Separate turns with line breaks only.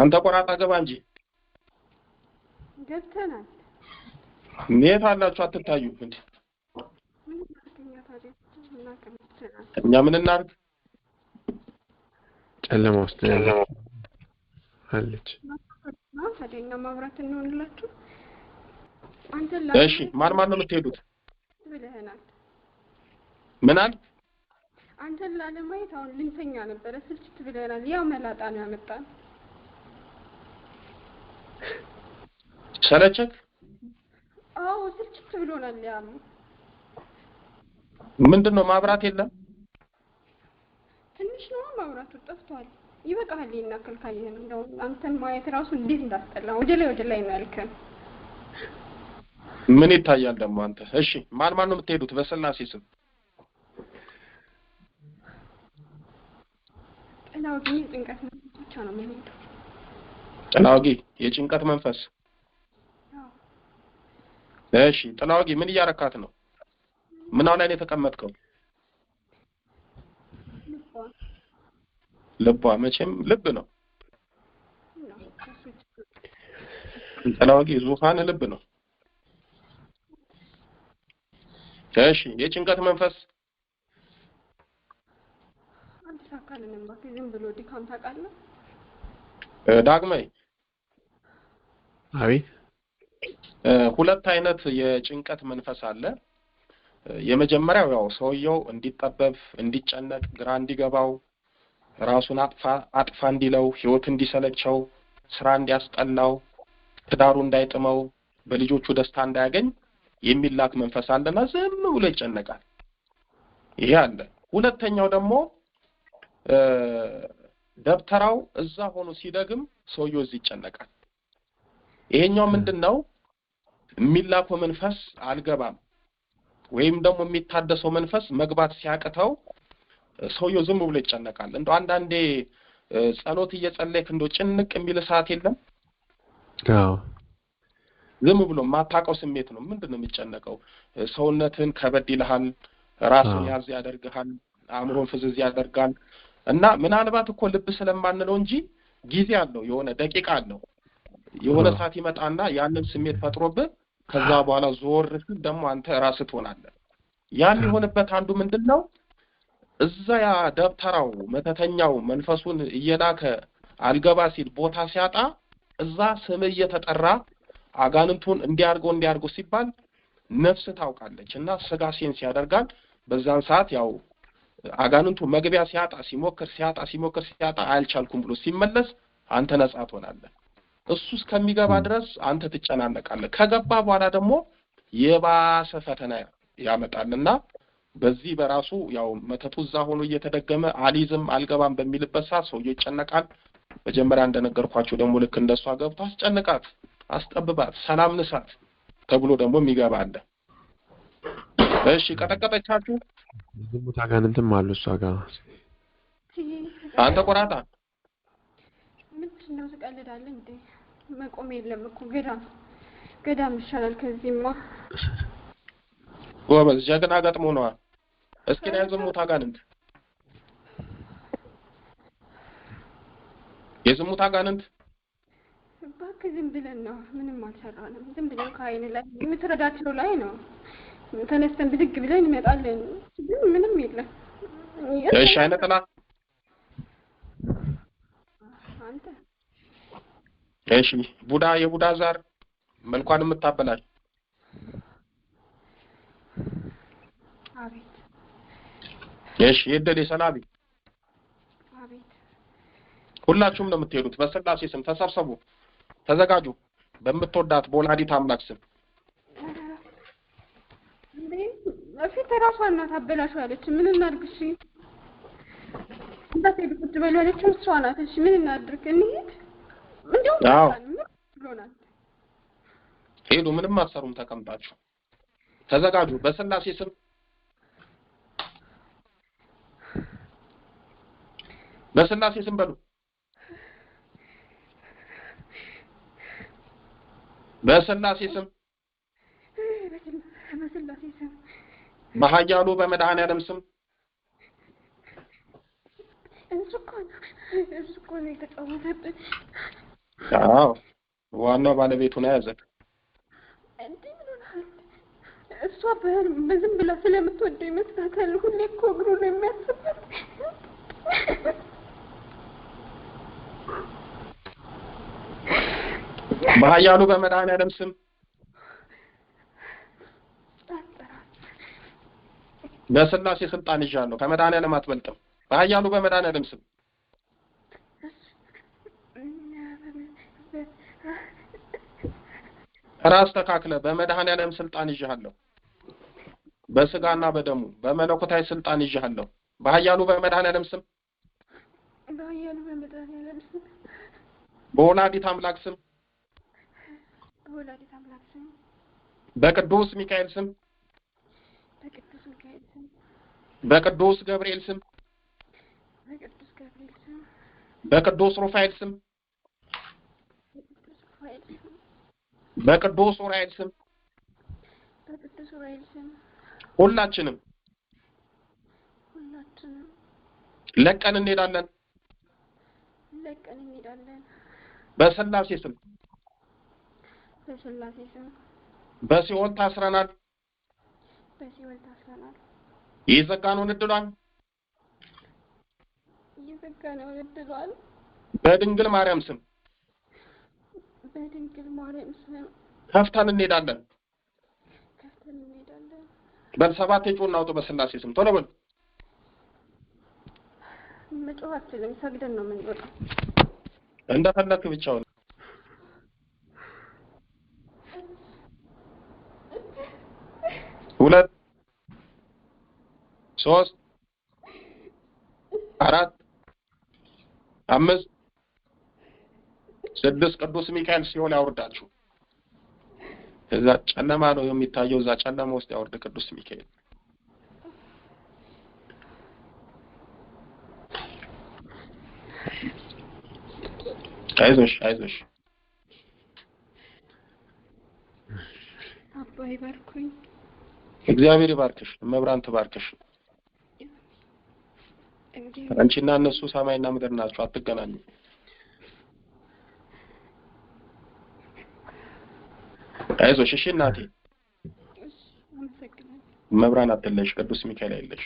አንተ ቆራጣ ገባ እንጂ ገብተናል። የት አላችሁ? አትታዩ እንዴ? እኛ ምን እናርግ?
ጨለማ ውስጥ አለች።
ታዲያ እኛ ማብራት እንሆንላችሁ።
አንተ እሺ፣ ማን ማን ነው የምትሄዱት? ምን አልክ?
አንተን ላለማየት አሁን ልንተኛ ነበረ። ስልችት ብለናል። ያው መላጣ ነው ያመጣን። ሰለቸክ? አዎ ስልችት ብሎናል። ያ
ምንድን ነው ማብራት የለም።
ትንሽ ነው ማብራቱ፣ ጠፍቷል። ይበቃል። ይናከል ካየህን እንደው አንተን ማየት ራሱ እንዴት እንዳስጠላ ወደ ላይ ወደ ላይ ነው ያልከን።
ምን ይታያል ደግሞ አንተ? እሺ ማን ማን ነው የምትሄዱት? በስላሴ ስም
ጥላ ወጊ የጭንቀት መንፈስ ብቻ ነው የሚሄደው።
ጥላ ወጊ የጭንቀት መንፈስ። እሺ ጥላ ወጊ ምን እያረካት ነው? ምናው ላይ ነው የተቀመጥከው? ልቧ። መቼም ልብ ነው ጥላ ወጊ ዙፋን ልብ ነው። እሺ የጭንቀት መንፈስ
እባክህ ዝም ብሎ ድካም ታውቃለህ።
ዳግማይ አቤት። ሁለት አይነት የጭንቀት መንፈስ አለ። የመጀመሪያው ያው ሰውየው እንዲጠበብ፣ እንዲጨነቅ፣ ግራ እንዲገባው፣ ራሱን አጥፋ አጥፋ እንዲለው፣ ህይወት እንዲሰለቸው፣ ስራ እንዲያስጠላው፣ ትዳሩ እንዳይጥመው፣ በልጆቹ ደስታ እንዳያገኝ የሚላክ መንፈስ አለና ዝም ብሎ ይጨነቃል። ይሄ አለ። ሁለተኛው ደግሞ ደብተራው እዛ ሆኖ ሲደግም ሰውየው እዚህ ይጨነቃል። ይሄኛው ምንድን ነው የሚላከው መንፈስ አልገባም ወይም ደግሞ የሚታደሰው መንፈስ መግባት ሲያቅተው ሰውየው ዝም ብሎ ይጨነቃል። እንደው አንዳንዴ ጸሎት እየጸለይክ እንደው ጭንቅ የሚል ሰዓት የለም። ዝም ብሎ የማታውቀው ስሜት ነው። ምንድን ነው የሚጨነቀው? ሰውነትን ከበድ ይልሃል፣ ራስን ያዝ ያደርግሃል፣ አእምሮን ፍዝዝ ያደርጋል። እና ምናልባት እኮ ልብ ስለማንለው እንጂ ጊዜ አለው፣ የሆነ ደቂቃ አለው። የሆነ ሰዓት ይመጣና ያንን ስሜት ፈጥሮብህ ከዛ በኋላ ዞር ስል ደግሞ አንተ ራስህ ትሆናለህ። ያን የሆንበት አንዱ ምንድን ነው? እዛ ያ ደብተራው መተተኛው መንፈሱን እየላከ አልገባ ሲል ቦታ ሲያጣ እዛ ስም እየተጠራ አጋንንቱን እንዲያርገው እንዲያርገው ሲባል ነፍስ ታውቃለች እና ስጋ ሴንስ ያደርጋል። በዛን ሰዓት ያው አጋንንቱ መግቢያ ሲያጣ ሲሞክር ሲያጣ ሲሞክር ሲያጣ አልቻልኩም ብሎ ሲመለስ አንተ ነጻ ትሆናለህ። እሱ እስከሚገባ ድረስ አንተ ትጨናነቃለህ። ከገባ በኋላ ደግሞ የባሰ ፈተና ያመጣልና በዚህ በራሱ ያው መተቱ እዛ ሆኖ እየተደገመ አሊዝም አልገባም በሚልበት ሰዓት ሰውዬው ይጨነቃል። መጀመሪያ እንደነገርኳቸው ደግሞ ልክ እንደሷ ገብቶ አስጨንቃት፣ አስጠብባት፣ ሰላም ንሳት ተብሎ ደግሞ የሚገባ አለ። እሺ ቀጠቀጠቻችሁ።
ዝሙት አጋንንትም አሉ እሷ ጋር።
አንተ ቆራጣ
ምንድነው ትቀልዳለህ እንዴ? መቆም የለም እኮ ገዳም ገዳም ይሻላል ከዚህማ።
ጎበዝ ጀግና ገጥሞ ነዋ። እስኪ ና የዝሙት አጋንንት የዝሙት አጋንንት
እባክህ ዝም ብለን ነው ምንም አልሰራንም። ዝም ብለን ከአይን ላይ የምትረዳቸው ላይ ነው ተነስተን ብድግ ብለን እንመጣለን። ግን ምንም የለም።
እሺ አይነ ጥላ አንተ እሺ ቡዳ የቡዳ ዛር መልኳን የምታበላሽ አቤት። እሺ የደሌ ሰላቢ አቤት። ሁላችሁም ነው የምትሄዱት። በስላሴ ስም ተሰብሰቡ፣ ተዘጋጁ በምትወዳት በወላዲት አምላክ ስም
ፊት ራሷ እናት አበላሽው ያለች ምን እናድርግ? እሺ እንዳትሄድ ቁጭ በሉ ያለችው እሷ ናት። እሺ ምን እናድርግ? እንሂድ። እንዲያውም ብሎናል።
ሄዱ። ምንም አትሰሩም ተቀምጣችሁ ተዘጋጁ። በስላሴ ስም በስላሴ ስም በሉ። በስላሴ ስም መሀያሉ በመድኃኔ ዓለም ስም ዋናው ባለቤቱ ነው ያዘ።
እሷ በዝም ብላ ስለምትወደው ይመስላታል። ሁሌ እኮ እግሩ ነው የሚያስበት።
ስም በስላሴ ስልጣን ይዣለሁ። ከመድኃኒዓለም አትበልጥም። በኃያሉ በመድኃኒዓለም ስም ራስ ተካክለ በመድኃኒዓለም ስልጣን ይዣለሁ። በስጋና በደሙ በመለኮታዊ ስልጣን ይዣለሁ። በኃያሉ በመድኃኒዓለም ስም
በኃያሉ በመድኃኒዓለም ስም
በወላዲት አምላክ ስም
በወላዲት አምላክ ስም
በቅዱስ ሚካኤል ስም በቅዱስ ገብርኤል ስም በቅዱስ ሩፋኤል ስም በቅዱስ ኡራኤል ስም
በቅዱስ ስም
ሁላችንም ለቀን እንሄዳለን
ለቀን እንሄዳለን
በስላሴ ስም
በስላሴ ስም
በሲኦል ታስረናል
በሲኦል ታስረናል
ይዘጋነውን እድሏን
ይዘጋነውን
በድንግል ማርያም ስም
በድንግል ማርያም ስም
ከፍተን እንሄዳለን
ከፍተን እንሄዳለን።
በሰባት የጮና እናውጡ በስላሴ ስም ቶሎ በሉ።
መጮህ አትችልም፣ ሰግደን ነው የምንወጣው።
እንደፈለክ ሁለት ሶስት አራት አምስት ስድስት ቅዱስ ሚካኤል ሲሆን ያወርዳችሁ። እዛ ጨለማ ነው የሚታየው። እዛ ጨለማ ውስጥ ያወርድ ቅዱስ ሚካኤል። አይዞሽ አይዞሽ
አባ ይባርኩኝ።
እግዚአብሔር ይባርክሽ። መብራን ትባርክሽ። አንቺና እነሱ ሰማይና ምድር ናቸው፣ አትገናኙ። አይዞሽ፣ እሺ እናቴ። መብራን አትለሽ፣ ቅዱስ ሚካኤል አይለሽ።